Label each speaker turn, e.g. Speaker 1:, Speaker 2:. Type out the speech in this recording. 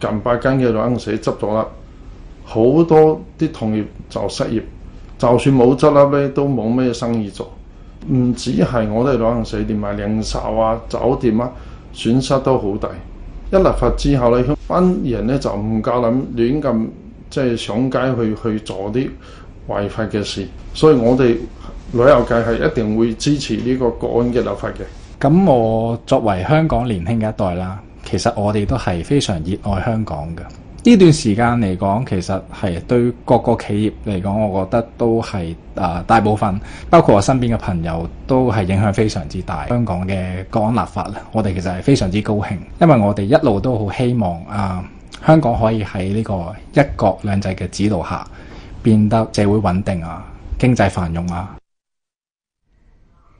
Speaker 1: 近百間嘅旅行社執咗笠，好多啲
Speaker 2: 同業就失業，就算冇執笠咧都冇咩生意做。
Speaker 3: 唔止
Speaker 2: 係我哋旅行社，連埋零售啊、酒店啊，損失都好大。一立法之後咧，班人咧就唔夠諗亂咁，即係上街去去做啲違法嘅事。所以我哋旅遊界係一定會支持呢個國安嘅立法嘅。咁我作為香港年輕嘅一代啦。其實我哋都係非常熱愛香港嘅。呢段時間嚟講，其實係對各個企業嚟講，我覺得都係啊，大部分包括我身邊嘅朋友都係影響非常之大。香港嘅國安立法咧，我哋其實係非常之高興，因為我哋一路都好希望啊，香港可以喺呢個一國兩制嘅指導下變得社會穩定啊，經濟繁榮啊。